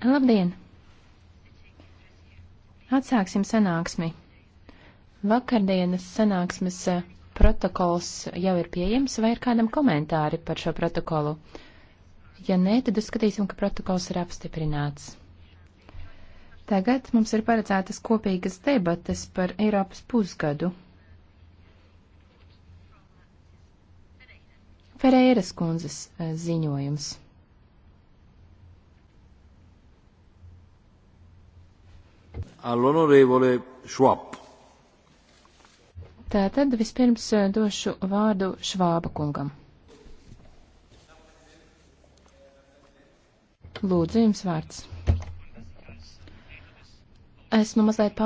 Labdien! Atsāksim sanāksmi. Vakardienas sanāksmes eh, protokols jau ir pieejams, vai ir kādam komentāri par šo protokolu? Ja nē, tad uzskatīsim, ka protokols ir apstiprināts. Tagad mums ir paredzētas kopīgas debates par Eiropas pusgadu. Ferēras kundzes eh, ziņojums. All'onorevole Schwab. Tātad vispirms eh, došu vārdu Švāba kungam. Lūdzu, jums vārds. Esmu mazliet pārāk.